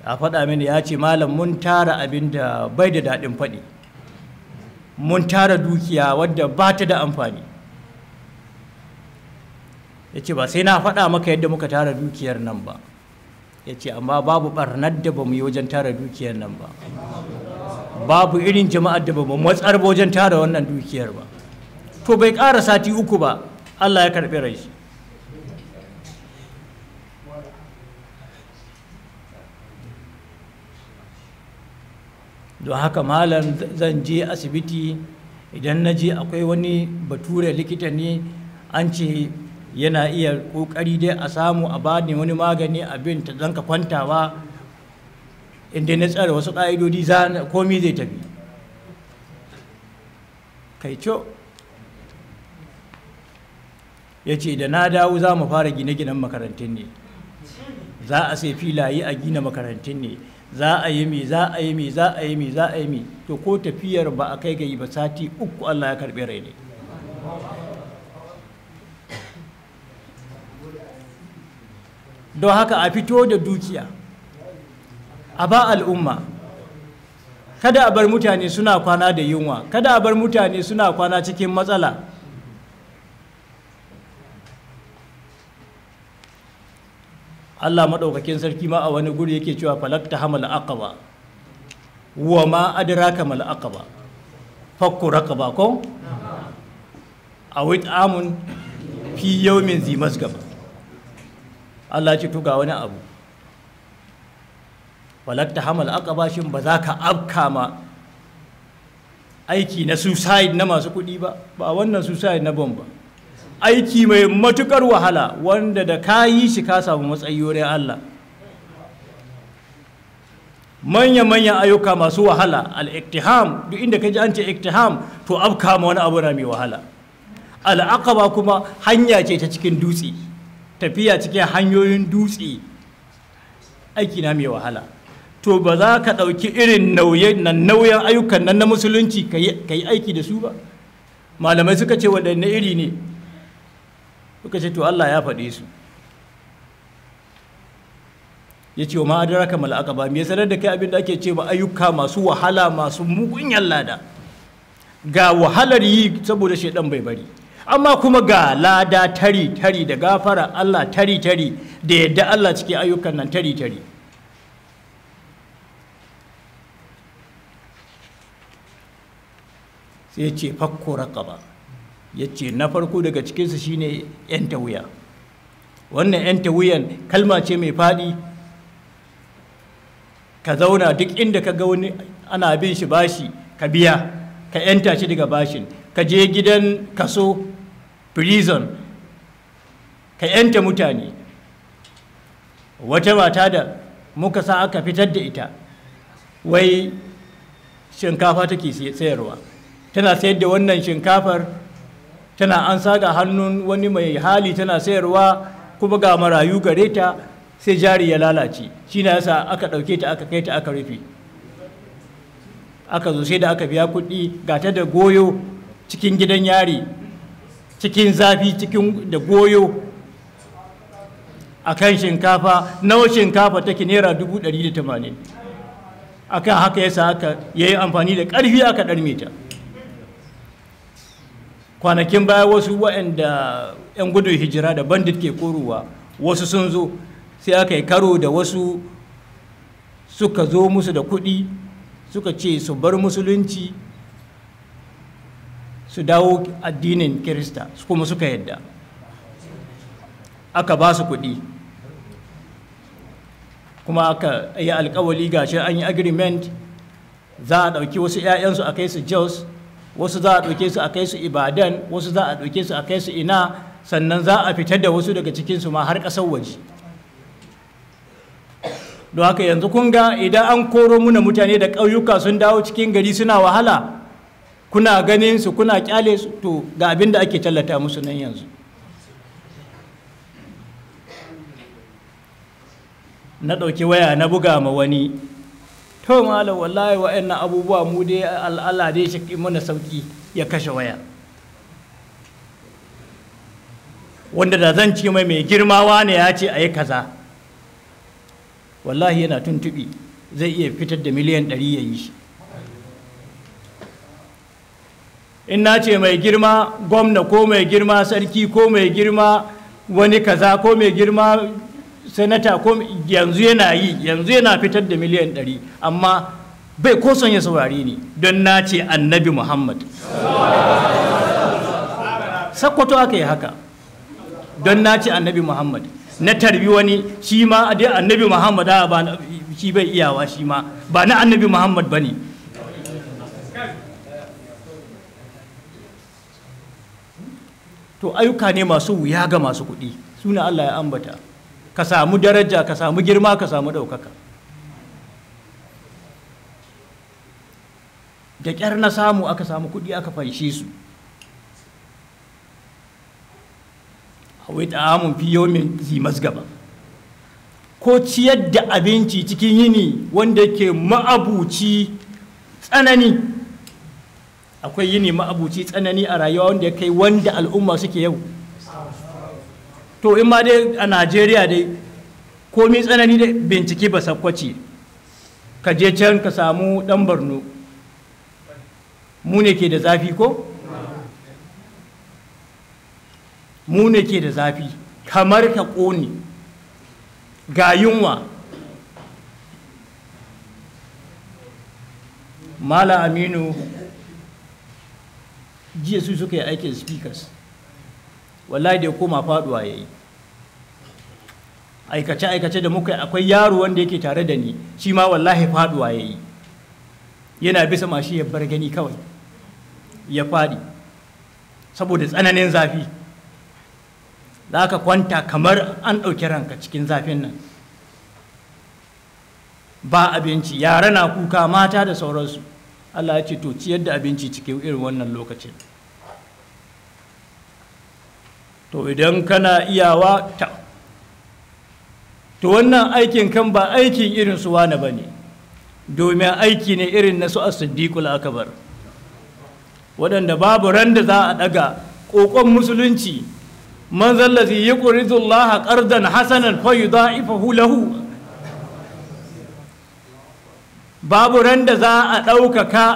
a faɗa mini ya ce malam mun tara abin da bai da daɗin faɗi mun tara dukiya wadda ba ta da amfani ya ce ba sai na faɗa maka yadda muka tara dukiyar nan ba ya ce amma babu ɓarnar da ba mu yi wajen tara dukiyar nan ba babu irin jama'ar da ba mu matsar ba wajen tara wannan dukiyar ba to bai ƙara sati uku ba allah ya karɓi rai shi don haka malam zan je asibiti idan na je akwai wani bature likita ne an ce yana iya kokari dai a samu a bani wani magani abin ta zanka kwantawa inda na tsara wasu ƙa'idodi komi zai tafi kai ya ce da na dawo za mu fara gine-ginen makarantun ne za a sai filaye a gina makarantun ne za a yi mi za a yi mi za a yi mi za a yi mi to ko tafiyar ba a kai ga yi ba sati uku allah ya karɓi rai ne don haka a fito da dukiya a ba al'umma kada a bar mutane suna kwana da yunwa kada a bar mutane suna kwana cikin matsala Allah maɗaukakin sarki ma a wani guri yake cewa falakta hamal ba wa ma adraka mal aqaba fakku ba ko wit amun fi min zi masgaba Allah ce to ga wani abu falakta hamal aqaba shin ba za ka afka ma aiki na suicide na masu kuɗi ba ba wannan suicide na bomba aiki mai matukar wahala wanda da ka yi shi ka samu matsayi wurin Allah manya-manyan ayyuka masu wahala al-iktiham duk inda ka ji an ce iktiham to afka ma wani abu na mai wahala al-aqaba kuma hanya ce ta cikin dutse tafiya cikin hanyoyin dutse aiki na mai wahala to ba za ka ɗauki irin nauyin ayyukan nan na musulunci ka yi aiki da su ba malamai suka ce waɗanne iri ne suka ce to allah ya faɗe su ya ce wa ma'adara mala'aka ba me sanar da kai abin da ake ce ba ayyuka masu wahala masu mugun lada ga wahalar yi saboda shaidan bai bari amma kuma ga lada tari tari da gafara Allah tari tari da yadda Allah cikin ayyukan nan tari tari sai ce fakko ya ce na farko daga cikinsu shine yan wuya wannan yan wuyan kalma ce mai faɗi ka zauna duk inda ka ga wani ana bin shi bashi ka biya ka yanta shi daga bashin ka je gidan kaso prison ka yanta mutane wata mata da muka sa aka fitar da ita wai shinkafa take sayarwa tana sayar da wannan shinkafar tana an saga hannun wani mai hali tana sayarwa kuma ga marayu gare ta sai jari ya lalace shi na yasa aka ɗauke ta aka kai ta aka rufe aka zo sai da aka biya kuɗi ga ta da goyo cikin gidan yari cikin zafi cikin da goyo a kan shinkafa nawa shinkafa take naira 180 akan haka yasa haka ya yi amfani da ƙarfi aka ɗarme ta kwanakin baya wasu waɗanda 'yan gudun hijira da bandit ke korowa wasu sun zo sai aka yi karo da wasu suka zo musu da kuɗi suka ce su bar musulunci su dawo addinin kirista kuma suka yadda aka ba su kuɗi kuma aka yi alkawali gashi an yi agreement za a ɗauki wasu 'ya'yansu a kai su jos wasu za a ɗauke su a kai su ibadan wasu za a ɗauke su a kai su ina sannan za a fitar da wasu daga cikinsu ma har ƙasar waje don haka yanzu kun ga idan an koro muna mutane da ƙauyuka sun dawo cikin gari suna wahala kuna ganin su kuna kyale su to ga abin da ake tallata musu nan yanzu na ɗauki waya na buga ma wani to malam wallahi wa'annan abubuwa mu dai al'ala dai shi mana sauki ya kashe waya wanda da zan ci mai mai girmawa ne ya ce a yi kaza wallahi yana tuntuɓi zai iya fitar da miliyan ɗari ya yi shi in na ce mai girma gwamna ko mai girma sarki ko mai girma wani kaza ko mai girma sanata ko yanzu yana yi yanzu yana fitar da miliyan ɗari amma bai ko son ya saurari ni don na ce annabi muhammad sakwato aka yi haka don na ce annabi muhammad na tarbi wani shi ma dai annabi muhammad ba shi bai iyawa shi ma ba na annabi muhammad ba ne to ayyuka ne masu wuya ga masu kuɗi suna Allah ya ambata ka samu daraja ka samu girma ka samu ɗaukaka da ƙyar na samu aka samu kuɗi aka fanshi su hawai ta'amun fi yomin zimas gaba ko ciyar da abinci cikin yini wanda ke ma'abuci tsanani akwai yini ma'abuci tsanani a rayuwa wanda ya kai wanda al'umma suke yau to in ma dai a najeriya dai komi tsanani dai bincike ba sakwaci ka je can ka samu dan barno mune ke da zafi ko mune ke da zafi kamar ka ƙone ga yunwa mala aminu jiya su suka yi aikin speakers wallahi da ya koma faduwa ya yi aikace-aikace da muka akwai yaro wanda yake tare da ni shi ma wallahi faduwa ya yi yana bisa mashi ya bar gani kawai ya fadi saboda tsananin zafi za ka kwanta kamar an ɗauki ranka cikin zafin nan ba abinci yara na kuka mata da sauransu allah ya ce to ciyar da abinci cikin irin wannan lokacin to idan kana iyawa ta to wannan aikin kan ba aikin irin su wane ba ne domin aiki ne irin na su asiddiqul akbar waɗanda babu ran da za a ɗaga ƙoƙon musulunci man zallazi ya ƙurizullaha ƙardan hasanan fayu za'ifahu lahu babu ran da za a ɗaukaka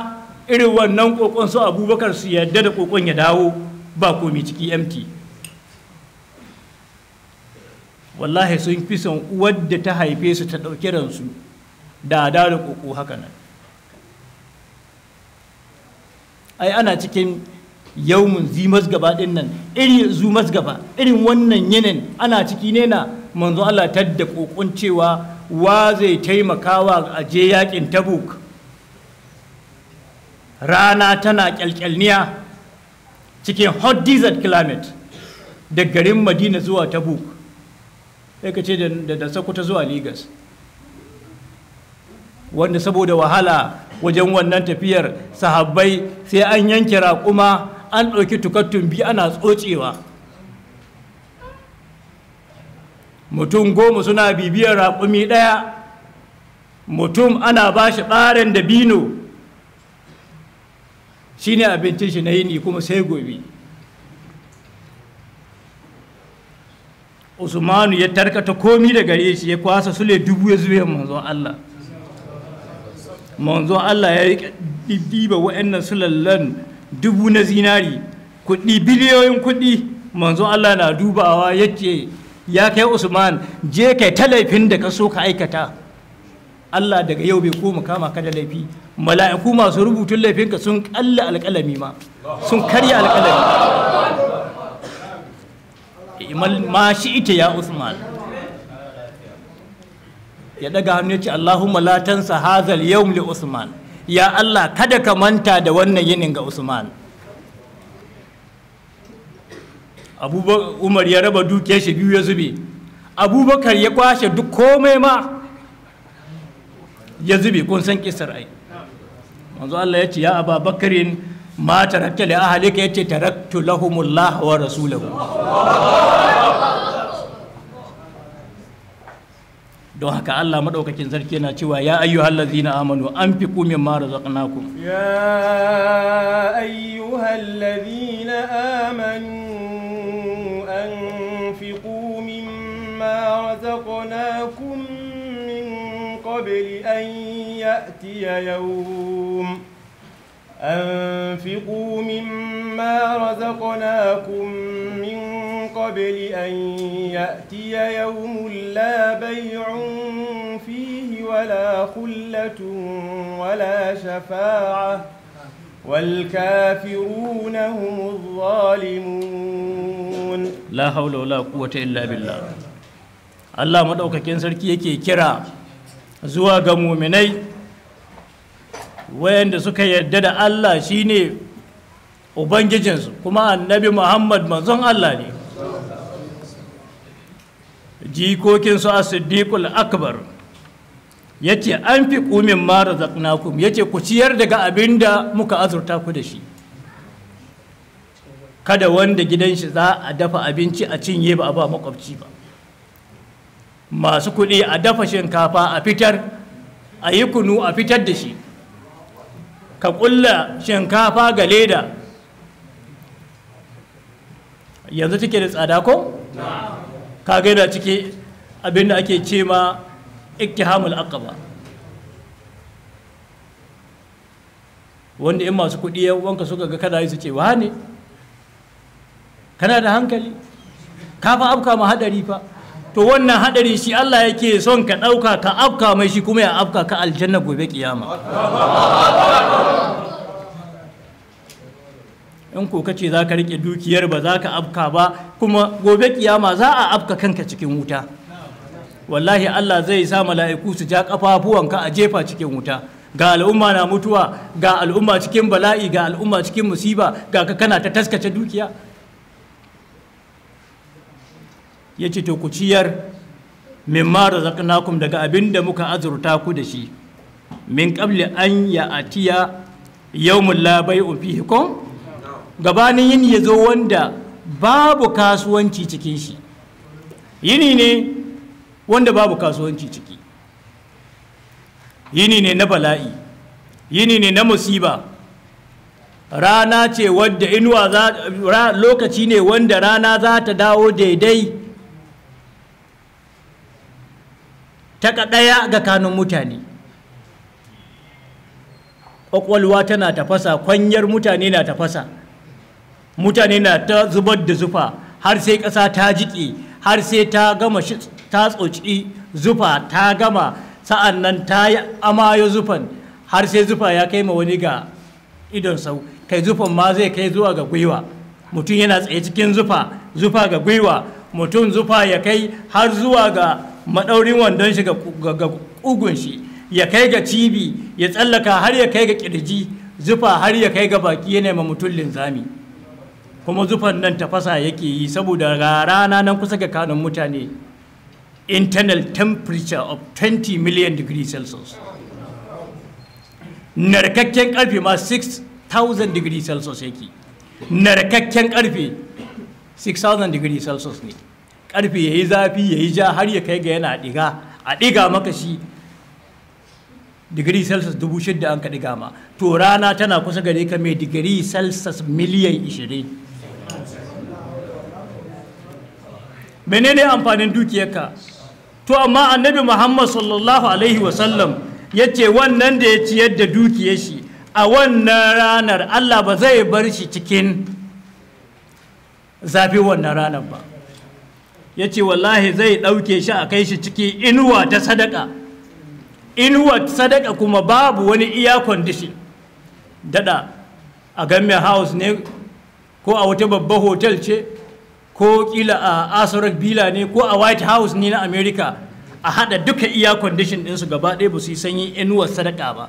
irin wannan ƙoƙon su abubakar su yadda da ƙoƙon ya dawo ba komi ciki empty wallahi sun fi son wadda ta haife su ta ɗauki ransu da da da ƙoƙo haka nan ai ana cikin yaumin zimas gaba ɗin nan irin zumas gaba irin wannan yanin ana ciki ne na manzo Allah ta da ƙoƙon cewa wa zai taimakawa a je yakin tabuk rana tana kyalkyalniya cikin hot desert climate da garin madina zuwa tabuk sai ka ce da sakuta zuwa Legas wanda saboda wahala wajen wannan tafiyar sahabbai sai an yanke raƙuma an ɗauki tukattun biyu ana tsotsewa mutum goma suna bibiyar raƙumi ɗaya mutum ana ba shi ɓaren da bino shi ne abincin shi na yini kuma sai gobe usmanu ya tarkata komi da gare shi ya kwasa sule dubu ya zuwa manzon Allah manzon Allah ya ɗiba wa'annan sulallan dubu na zinari kuɗi biliyoyin kuɗi manzon Allah na dubawa ya ce ya kai usman je kai ta laifin da ka so ka aikata Allah daga yau bai koma kama ka da laifi mala'iku masu rubutun laifinka sun kalla alƙalami ma sun karya alƙalami imal shi ita ya usman ya daga hannu ce allahumma la tansa hazal yawm li usman ya allah kada ka manta da wannan yinin ga usman abubakar umar ya raba duke shi biyu ya zube abubakar ya kwashe duk komai ma ya zube kun san kisar ai manzo Allah ya ce ya Abubakarin ma tarakta li ahlika yace taraktu lahumullah wa rasulahu don haka Allah madaukakin sarki yana cewa ya ayyuhallazina amanu anfiqu mimma razaqnakum ya ayyuhallazina amanu anfiqu mimma razaqnakum min qabli an ya'tiya yawm أنفقوا مما رزقناكم من قبل أن يأتي يوم لا بيع فيه ولا خلة ولا شفاعة والكافرون هم الظالمون لا حول ولا قوة إلا بالله الله مدعوك كنسر كي كرا زواج مؤمنين wayanda suka yarda da Allah shine ubangijinsu kuma annabi Muhammad manzon Allah ne jikokinsu a siddiqul akbar ya ce an fi kumin mara zaknakum ya ku ciyar daga abinda muka azurta ku da shi kada wanda gidan shi za a dafa abinci a cinye ba a ba makwabci ba masu kuɗi a dafa shinkafa a fitar a yi kunu a fitar da shi ka kulla shinkafa ga leda yanzu take da tsada ko? ka gaida ciki abinda ake ce ma hamul aqaba wanda in masu kuɗi wanka suka ga kada su ce wane? kana da hankali Kafa fa ma haɗari fa to wannan hadari shi Allah yake son ka ɗauka ka afka mai shi kuma ya afka ka aljanna gobe kiyama in ko kace za ka rike dukiyar ba za ka afka ba kuma gobe kiyama za a afka kanka cikin wuta wallahi Allah zai sa mala'iku su ja ka a jefa cikin wuta ga al'umma na mutuwa ga al'umma cikin bala'i ga al'umma cikin musiba ga ka kana ta taskace dukiya ya ce to ku ciyar min ma razaqnakum daga abin da muka azurta ku da shi min qabli an yau yawmul la bai'u fihi kum gabanin yini yazo wanda babu kasuwanci cikin shi yini ne wanda babu kasuwanci ciki yini ne na bala'i yini ne na musiba rana ce wadda inuwa za lokaci ne wanda rana za ta dawo daidai ta ɗaya ga kanun mutane ƙwaƙwalwa tana tafasa kwanyar mutane na tafasa mutane na ta zubar da zufa har sai ƙasa ta jiƙe har sai ta gama ta tsoci zufa ta gama sa'an nan ta yi amayo zufan har sai zufa ya kai ma wani ga idon sau kai zufan ma zai kai zuwa ga gwiwa mutum yana tsaye cikin zufa zufa ga gwiwa mutum zufa ya kai har zuwa ga maɗaurin wandon shi ga ƙugun shi ya kai ga cibi ya tsallaka har ya kai ga ƙirji zufa har ya kai ga baki ya nema mutum linzami kuma zufan nan tafasa yake yi saboda rana nan kusa ga kanun mutane internal temperature of 20 million degree celsius narkakken karfe ma 6000 degree celsius yake narkakken karfe 6000 degree celsius ne karfe ya yi zafi ya yi ja har ya kai ga yana diga a diga maka shi digiri celsius dubu shidda an ka diga ma to rana tana kusa gare ka mai digiri celsius miliyan ishirin menene amfanin dukiyarka to amma annabi muhammad sallallahu alaihi wasallam ya ce wannan da ya ciyar da dukiyar shi a wannan ranar allah ba zai bar shi cikin zafi wannan ranar ba ya ce wallahi zai ɗauke shi a kai shi ciki inuwa ta sadaka inuwa ta sadaka kuma babu wani iya kwandishin daɗa a gamme house ne ko a wata babba hotel ce ko kila a asarar bila ne ko a white house ne na america a hada duka iya kwandishin ɗinsu gaba ɗaya ba su yi sanyi inuwar sadaka ba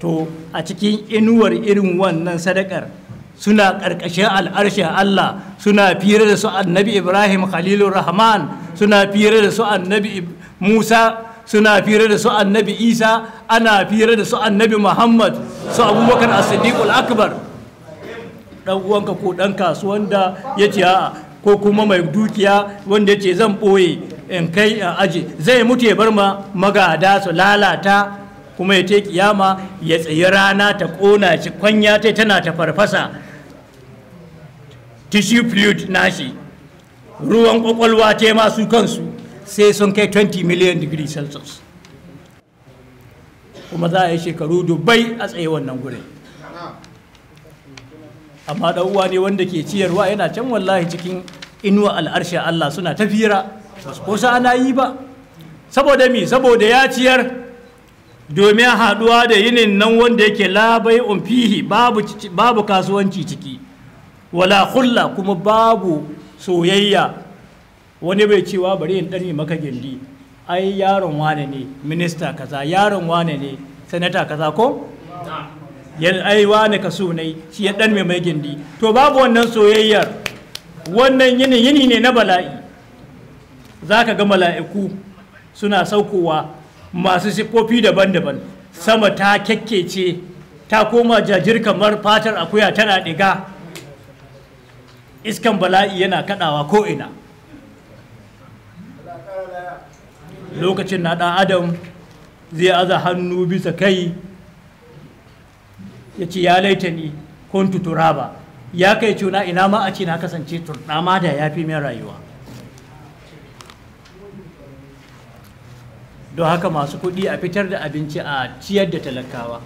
to a cikin inuwar irin wannan sadakar suna ƙarƙashin al'arshin Allah suna fira da su annabi Ibrahim Khalilur Rahman suna fira da su annabi Musa suna fira da su annabi Isa ana fira da su annabi Muhammad su Abubakar As-Siddiqul Akbar dan uwanka ko dan kasuwan da ce a'a ko kuma mai dukiya wanda yace zan ɓoye in kai a aji. zai mutu ya bar ma magada su lalata kuma ya ta kiyama ya tsayi rana ta ƙona shi kwanya tana ta farfasa tissue fluid nashi ruwan kwakwalwa yi masu kansu sai sun kai 20 million degree celsius kuma za a yi shekaru dubbai a tsaye wannan guri. amma dan uwa ne wanda ke ciyarwa yana can wallahi cikin inuwa al'arshe Allah suna tafira ko sa ana yi ba saboda mi saboda ya ciyar domin haɗuwa da yinin nan wanda yake labai umfihi babu kasuwanci ciki wala hulla kuma babu soyayya wani bai cewa bari in ɗari maka gindi ai yaron wane ne minista kaza yaron wane ne sanata kaza ko ai wane ka so ne shi ya ɗan mai gindi to babu wannan soyayyar wannan yini yini ne na bala'i za ka ga mala'iku suna saukowa masu siffofi daban-daban sama ta kyakkece ta koma jajir kamar fatar akuya tana ɗiga iskan bala'i yana kaɗawa ko'ina lokacin na ɗan adam zai aza hannu bisa kai ya ce ya laita ni tutura ba''. ya kai cuna ina ma a ce na kasance turɗama da ya fi min rayuwa don haka masu kuɗi a fitar da abinci a ciyar da talakawa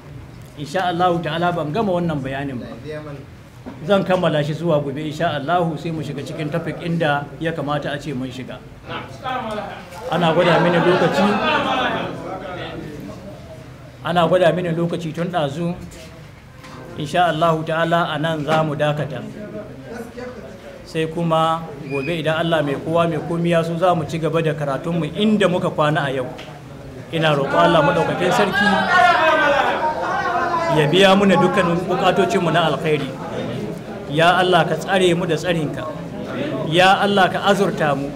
insha ta'ala ban gama wannan bayanin ba zan kammala shi zuwa gobe insha Allah sai mu shiga cikin topic inda ya kamata a ce mun shiga ana gwada mini lokaci ana gwada mini lokaci tun dazu insha Allahu ta'ala a nan za mu dakata sai kuma gobe idan Allah mai kowa mai komi ya so za mu ci gaba da karatunmu inda muka kwana a yau ina roƙo Allah maɗaukakin sarki ya biya mana dukkanin bukatocinmu na alkhairi ya Allah ka tsare mu da tsarinka ya Allah ka azurta mu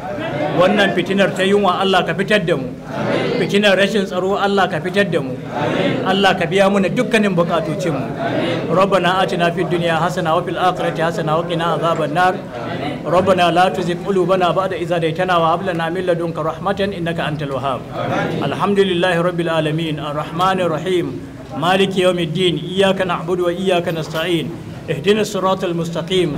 wannan fitinar ta yunwa Allah ka fitar da mu fitinar rashin tsaro Allah ka fitar da mu Allah ka biya mana dukkanin bukatocin mu rabbana atina fid dunya hasana wa fil akhirati hasana wa qina azaban nar rabbana la tuzigh qulubana ba'da idh hadaytana wa hab lana min ladunka rahmatan innaka antal wahhab alhamdulillahi rabbil alamin arrahmanir rahim maliki yawmiddin iyyaka na'budu wa iyyaka nasta'in اهدنا الصراط المستقيم